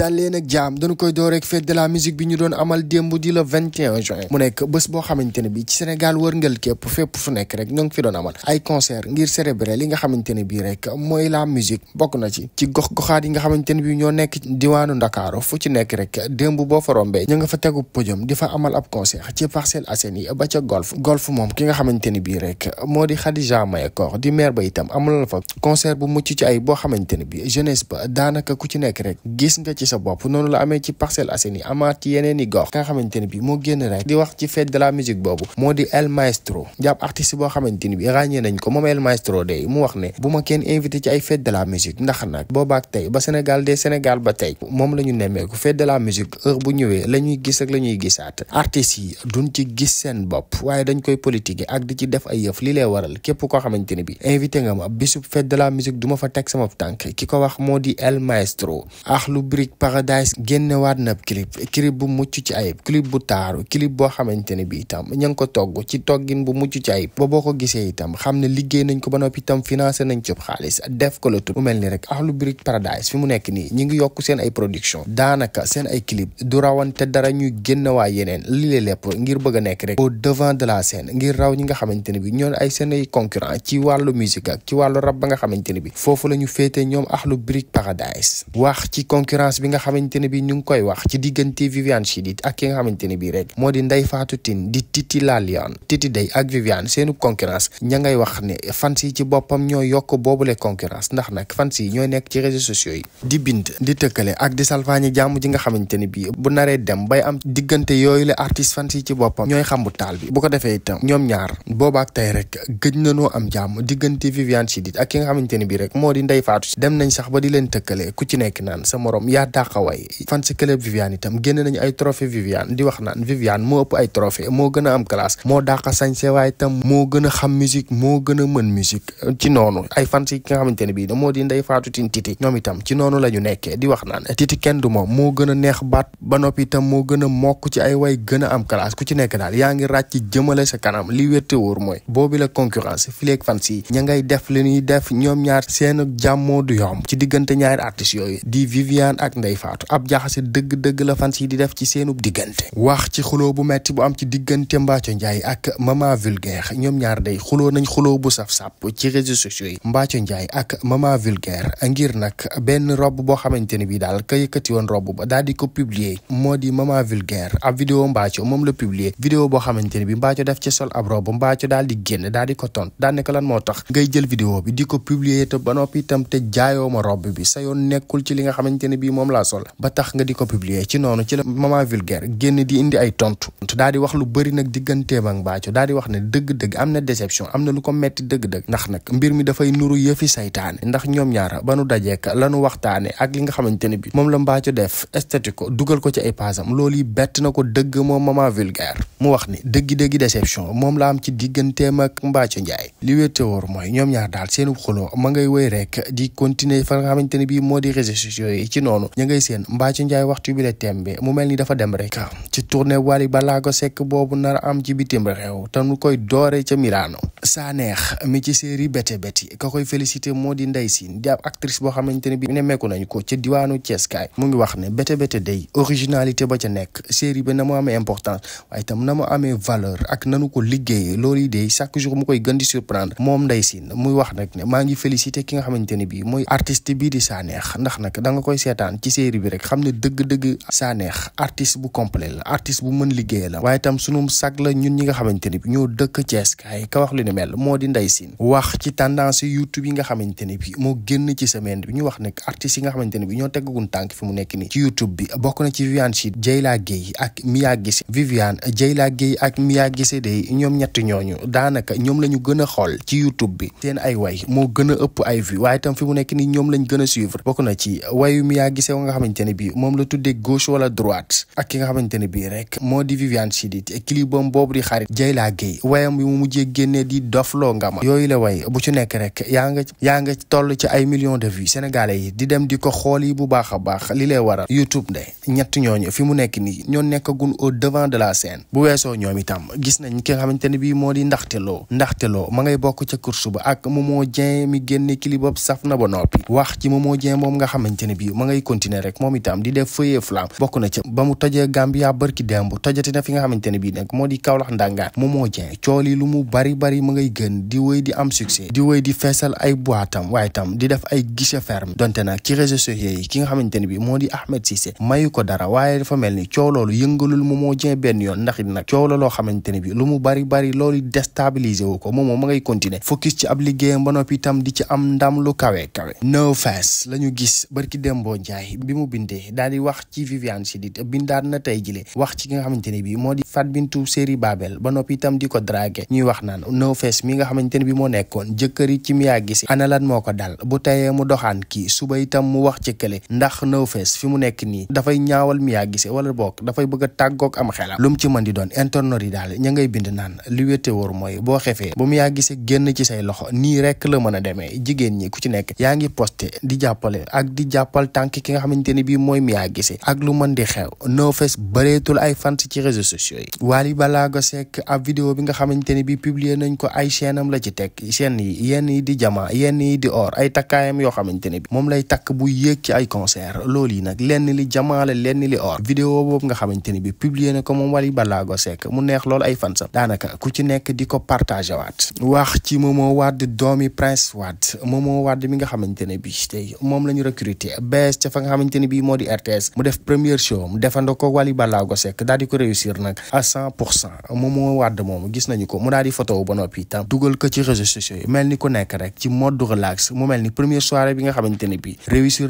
daal leen ak jaam dañu koy door rek fête de la musique bi ñu doon amal démb di le 21 juin mu nekk bés boo xamante ne bi ci Sénégal wërngal képp fépp fu nekk rek ñoo ngi fi doon amal ay concert ngir célébrer li nga xamante ne bii rek mooy la musique bokk na ci ci gox-goxaat yi nga xamante ne bi ñoo nekk diwaanu Ndakaaru fu ci nekk rek démb boo fa rombee nga fa tegu podium di fa amal ab concert ci Parcelles Assainies ba ca golf golf moom ki nga xamante ne bii rek moo di Khadija Mayakor di maire ba itam amal la fa concert bu mucc ci ay boo xamante ne bi jeunesse ba daanaka ku ci nekk rek gis nga ci sa bopp noonu la amee ci Parcelles Assainies amaat ci yeneen i gox nga xamante ne bi moo génn rek di wax ci fête de la musique boobu moo di El Maestro jàpp boo xamante ni bi ràññee nañ ko moom El Maestro day mu wax ne bu ma kenn invité ci ay fête de la musique ndax nag boobaak tey ba Sénégal de Sénégal ba tey moom la ñu nemmeeku fête de la musique heure bu ñëwee la ñuy gis ak la ñuy gisaat artistes yi duñ ci gis seen bopp waaye dañ koy politique ak di ci def ay yëf li lay waral képp koo xamante ne bi invité nga ma bisu fête de la musique du ma fa teg sama tànk ki ko wax moo di El Maestro ax lu brique Paradise génnewaat na clip clip bu mucc ci ayib clip bu taaru clip boo xamante ne bi itam ña ngi ko togg ci toggin bu mucc ci ay ba boo ko gisee itam xam ne liggéey nañ ko ba noppi itam financé nañ ci xaalis def ko la tut mu mel ni rek Akhlou Brick Paradise fi mu nekk nii ñu ngi yokk seen ay production daanaka seen ay clip du te dara ñuy waa yeneen li lee lépp ngir bëgg a nekk rek au devant de la seen ngir raw ñi nga xamante ne bi ñoon ay seen ay concurrent ci wàllu musique ak wàllu rap ba nga xamante ne bi foofu la ñu féetee ñoom Akhlou Brick Paradise wax ci nga xamante ne bi ñu ngi koy wax ci diggante Viviane Chidid ak ki nga xamante ne bi rek moo di Ndeye faatu ti di Titi Laliane Titi Day ak Viviane seenu concurrence ña ngay wax ne fans yi ci boppam ñoo yokk boobule concurrence ndax nag fans yi ñooy nekk ci réseaux sociaux yi di bind di tëkkale ak di salfaañi jàmm ji nga xamante ne bi bu naree dem bay am diggante yooyu la artiste fans yi ci boppam ñooy xambu taal bi bu ko defee itam ñoom ñaar boobaak tey rek gëj nanoo am jàmm diggante Viviane ak ki xamante ne bi rek moo di Ndeye Fatou dem nañ sax ba di leen tëkkale ku ci nekk naan sa morom yaa taxawaay fan si club Viviane itam génn nañu ay trophée Viviane di wax naan Viviane moo ëpp ay trophée moo gën am classe moo fan si ki nga xamante ne bii moo di Ndeye Fatou Tine Titi ñoom itam ci ñu nekkee di wax naan Titi kenn du moom moo gën a neex baat ba noppi itam moo gën a mokk ci ay way gën am classe ku ci nekk daal yaa ngi ràcc jëmale sa kanam li wér te mooy boobi la concurrence fileeg fan si ña ngay def li ñuy def ñoom ñaar seen jàmmoo du yomb ci diggante ñaari artistes yooyu di Viviane ak Ndeye day faatu ab jaxase dëgg-dëgg la fans yi di def ci seenub diggante wax ci xuloo bu metti bu am ci diggante Mbathio Ndiaye ak Mama Vulgaire ñoom ngir nag benn rob boo xamante ne bi daal ka yëkkati woon rob ba daal di ko publier moo di Mama Vulgaire ab vidéo Mbathio moom la publier vidéo boo xamante ne bi Mbathio def ci sol ab rob Mbathio daal di génn daal di ko tont daal ne lan moo tax ngay jël vidéo bi di ko publier te ba noppi te jaayoo ma bi sa la sol ba tax nga di ko publier ci noonu ci la maman vulgaire génn di indi ay tontu daa di wax lu bëri nag digganteem ak Mbathio daa di wax ne dëgg-dëgg am na déception am na lu ko metti dëgg-dëgg ndax nag mbir mi dafay nuru ba nu dajeek la nu waxtaane ak li nga xamante ne bi moom la Mbathio def esthétique ko dugal ko ci ay pasam loolu yi bett na ko dëgg moom maman vulgaire mu wax ni dëgg-dëgg déception moom la am ci digganteem ak Mbathio Ndiaye li wéete wóor mooy ñoom ñaar daal seenu xuloo ma ngay wéy rek di continuer fa nga xamante ne moo di ngay seen mbaa ci njaay waxtu mu mel ni dafa dem rek ci tournée Wally Ballago Seck boobu nar am ci bitim réew te nu koy doore ca Milano Sanekh mi ci série Bété Bété ka koy félicité moo di Ndeye Sine di ab actrice boo xamante ne bi nemmeeku nañ ko ca diwaanu Thiès kaay ba ca nekk série bi na mu amee importance waaye itam na mu amee valeur ak nanu ko liggéeyee loolu yi day chaque jour mu koy gën di surprendre moom Ndeye Sine muy wax nag ne maa ngi félicité ki nga xamante ne bii mooy artiste bii di Sanekh ndax nag da koy seetaan ci série bi rek xam ne dëgg-dëgg Sanekh artiste bu complet la artiste bu mën liggéey la waaye tam sunum sag la ñun ñi nga xamante ni bi ñoo dëkk Thiès kaay ka wax lu ni mel moo di Ndeye Sine wax ci tendance YouTube yi nga xamante ni bi moo génn ci semaine bi ñu wax nag artistes yi nga xamante ni bi ñoo teggagun tànk fi mu nekk nii ci YouTube bi bokk na ci Viviane Chidid Dieyla Guèye ak Mia Guissé Viviane Dieyla Guèye ak Mia Guissé de ñoom ñett ñooñu daanaka ñoom la ñu gën a xool ci YouTube bi seen ay way moo gën a ëpp ay vues waaye mu nekk nii ñoom lañ gën a suivre ko nga xamante ne bii moom la tuddee gauche wala droite ak ki nga xamante ne bii rek moo di Viviane Chidid clipam boobu di xarit Dieyla Gueye wayam bi mu mujjee génnee di dofloo nga ma yooyu la way bu ci nekk rek yaa nga yaa nga toll ci ay millions de vues sénégalais yi di dem di ko xool yi bu baax a baax li lay waral YouTube nde ñett ñooñu fi mu nekk nii ñoo nekkagun au devant de la scène bu weesoo ñoom itam gis nañ ki nga xamante ne bi moo di ndaxte loo ndaxte loo ma ngay bokk ca course ba ak Momo Dieng mi génne clip boobu saf na ba noppi wax continuer rek moom itam di def feuille flamme bokk na ca ba mu tojee Gambia bërki démb tojati na fi nga xamante ne bii nag moo di Kaolack ndangaan moom moo jeen cool yi lu mu bari bari mu ngay gën di wéy di am succès di wéy di feesal ay boitam waaye tam di def ay guichet donte nag ci réseaux sociaux ki nga xamante ne bii moo di Ahmed Cissé mayu ko dara waaye dafa mel ni coow yëngalul moom moo jeen benn yoon ndax it nag coow la loo xamante ne bii lu mu bari bari loolu déstabiliser wu ko moom moom ma ngay continuer focus ci ab liggéeyam ba noppi tam di ci am ndam lu kawe kawe no face lañu gis bërki démb boo njaay bi mu bindee daal di wax ci Viviane Chidid bindaat na tey jile wax ci ki nga xamante ne bi moo di Fat Bintou Seri Babel ba noppi itam di ko dragué ñuy wax naan No Face mi nga xamante ne bi moo nekkoon jëkkëri ci Mia Guissé ana lan moo ko dal bu teyee mu doxaan kii suba itam mu wax ci kële ndax No fees fi mu nekk nii dafay ñaawal Mia Guissé wala boog dafay bëgg a tàggoog am xelaa lu mu ci mën di doon internet yi daal ña ngay bind naan li wéte wóor mooy boo xefee bu Mia Guissé génn ci say loxo nii rek la mën a demee jigéen ñi ku ci nekk yaa ngi posté di jàppale ak di jàppal ki nga xam xamante ni bii mooy Mia Guissé ak lu mën di xew Nofés bëreetul ay fans ci réseaux sociaux yi Wally Ballago Seck ab vidéo bi nga xamante ni bii publier nañ ko ay chaîne am la ci teg chaîne yi yenn yi di jama yenn yi di or ay takkaayam yoo xamante ni bi moom lay takk bu yéeg ci ay concert loolu yi nag lenn li jama la lenn li or vidéo boobu nga xamante ni bi publier na ko moom Wally Ballago Seck mu neex loolu ay fansam daanaka ku ci nekk di ko partagé waat wax ci Momo Wade doomi Prince Wade Momo Wade mi nga xamante ne bi tey moom la ñu bees ca fa nga xamante ni bii ko Wally Ballago Seck daal di ko réussir nag à cent pour cent moom moo wàdd moom gis nañu ko mu daal di photo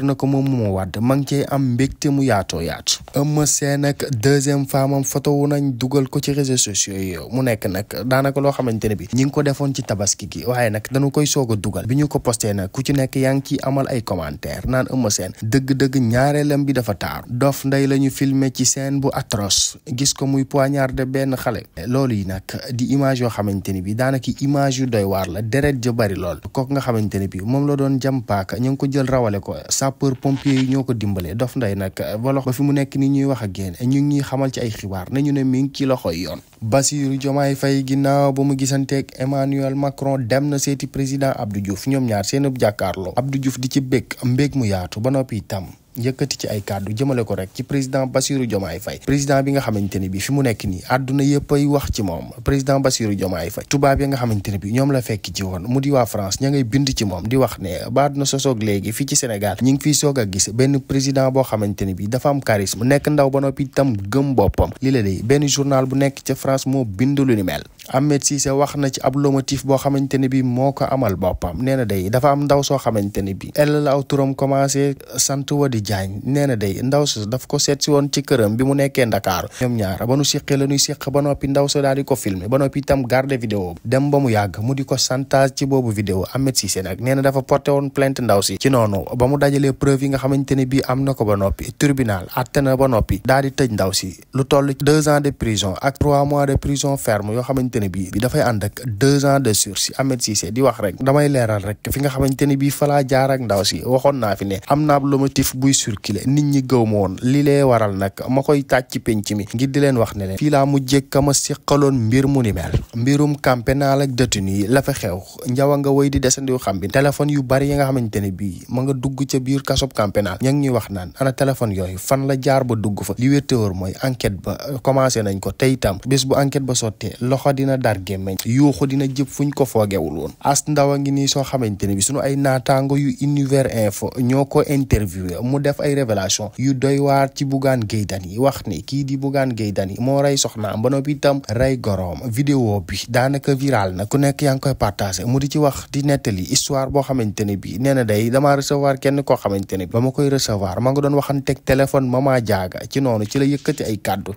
na ko moom cee am mbégte mu yaatoo yaatu Eumeu Sène nag deuxième femme am nañ dugal ko ci réseaux sociaux yi mu nekk nag daanaka loo xamante ne bi ñi ngi ko defoon ci tabaski ki waaye nag dañu koy soog a dugal bi ñu ko posté nag ku ci nekk yaa ngi ciy amal ay commentaire naan Eumeu Sène dëgg-dëgg ñaareelam bi dafa taaru dof ndey la ñu filmé ci seen bu atroce gis ko muy de benn xale loolu yi nag di image yoo xamante ni bi daanaka image yu doy waar la deret ja bari lool kooku nga xamante ne bi moom la doon jam paaka ñu ngi ko jël rawale ko sapeur pompier yi ñoo ko dimbalee dof ndey nag ba loxo ba fi mu nekk nii ñuy wax a yéen ñu ngi xamal ci ay xibaar nañu ne mi ngi loxo yoon Bassirou Diomaye fay ginnaaw ba mu gisanteeg Emmanuel Macron dem na seeti président Abdou Diouf ñoom ñaar seen ab jàkkaarloo Abdou Diouf di ci bég mbég mu yaatu ba noppi tam yëkkati ci ay kàddu jëmale ko rek ci président Bassirou Diomaye Faye président bi nga xamante ne bi fi mu nekk nii àdduna yëpp ay wax ci moom président Bassirou Diomaye Faye tubaab yi nga xamante ne bi ñoom la fekk ci woon mu di France ña ngay bind ci moom di wax ne ba àdduna sosoog léegi fii ci Sénégal ñu ngi fiy soog a gis benn président boo xamante ne bi dafa am charisme nekk ndaw ba noppi itam gëm boppam li la day benn journal bu nekk ca France France moo bind lu ni mel Ahmed Cissé wax na ci ab lomotif boo xamante ne bi moo ko amal boppam nee na day dafa am ndaw soo xamante ne bi ell la aw sant Wadi Diagne nee na day ndaw daf ko seet si woon ci këram bi mu nekkee Ndakaaru ñoom ñaar ba nu siqee la ñuy siq ba noppi ndaw sa daal di ko filmer ba noppi itam garde vidéo ba mu yàgg mu di ko chantage ci boobu vidéo Ahmed Cissé nag nee na dafa porté woon plainte ndaw si ci noonu ba mu dajalee preuve yi nga xamante ne bi am na ko ba noppi tribunal àtte na ba noppi daal tëj ndaw si lu toll deux ans de prison mois de prison ferme yoo xamante ne bii bi dafay ànd ak deux ans de sursis Ahmed Cissé di wax rek damay leeral rek fi nga xamante ne bii falaa jaar ak ndaw si waxoon naa fi ne am naa lomotif buy circuler nit ñi li lee waral ma koy tàj ci penc mi ngir di leen wax ne leen fii laa ma siqaloon mbir mu ni mel mbirum camp pénal ak détenu yi la fa xew njaw a nga woy di desandiw xam bi téléphone yu bari yi nga xamante ne bi ma nga dugg ca biir kasob camp pénal ña ngi ñuy wax naan ana téléphone yooyu fan la jaar ba dugg fa li wér te wóor mooy enquête ba commencé bu enquête ba sottee loxo dina dar gémmeñ yuuxu dina jëp fuñ ko foogewul woon as ndaw a ngi nii soo xamante ne bi sunu ay naataango yu univers info ñoo ko interviewé mu def ay révélation yu doy waar ci Bougane Gueye Dany wax ni kii di Bougane Gueye Dany moo rey soxnaam ba noppi itam rey goroom vidéo bi daanaka viral na ku nekk yaa ngi koy partagé mu di ci wax di nettali histoire boo xamante ne bi nee na day damaa recevoir kenn koo xamante ne bi ba ma koy recevoir ma nga doon waxanteeg téléphone mama jaaga ci noonu ci la yëkkati ay kàddu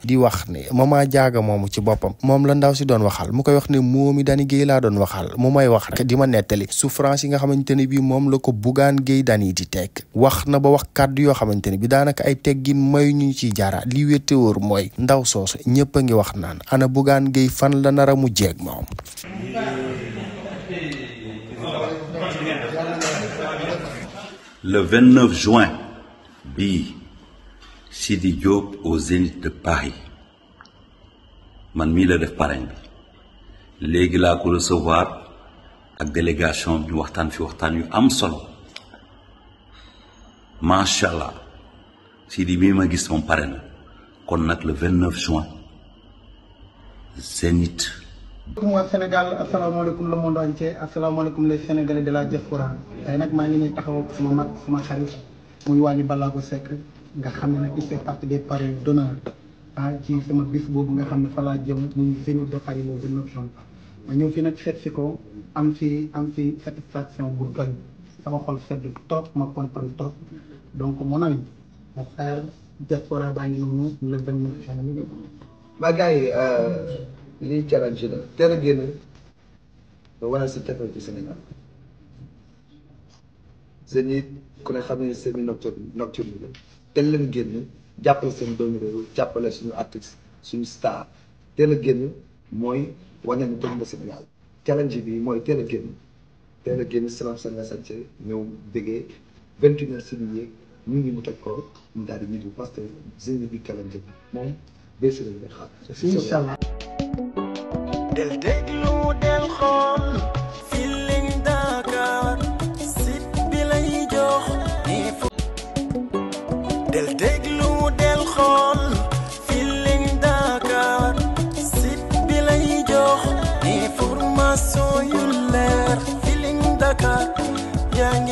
ci boppam moom la ndaw si doon waxal mu koy wax ne moomi dani géey laa doon waxal mu may wax rek ma nettali souffrance yi nga xamante ne bi moom la ko bugaan géey dani di teg wax na ba wax kàdd yoo xamante ne bi daanaka ay teggin may ñu ciy jaaraat li wéttéwóor mooy ndaw soosu ñëpp a ngi wax naan ana bugaan géey fan la nar a mu jeeg moom le 29 juin bii Sidi Diop au Zénith de Paris man mii la def parrain bi léegi laa ko recevoir ak délégation bi ñu waxtaan fi waxtaan yu am solo macha allah Sidi bii ma gis moom pare na kon nag le 29 juin Zénith. waa Sénégal asalaamaaleykum le monde entier asalaamaaleykum les sénégalais de la diaspora tey nag maa ngi ne taxaw ak sama mag sama xarit muy Waly Ballago Seck nga xam ne nag il fait partie des parrains ah ci sama bis boobu nga xam ne fa laa jëm muy Zénith de Paris moo gën a ñëw fi nag seet si ko am fi am fi satisfaction bu doy sama xol sedd toog ma kontaan toog donc mon ami mon frère diaspora baa ngi noonu le benn ba gars yi euh, lii challenge la teel a génn nga waral sa tefe ci Sénégal Zénith ku ne xam ne semi nocturne nocturne la teel leen génn jàppale seen doomi réew jàppale suñu artiste suñu star teel a génn mooy wane ni toog nga Sénégal challenge bi mooy teel génn teel a génn salam sa nga sànce ñëw déggee vingt et un juillet ñu ngi mu toj ko mu daal di ñibbi parce que génn bi bi moom bés la ñu xaar. incha allah del déglu del xool.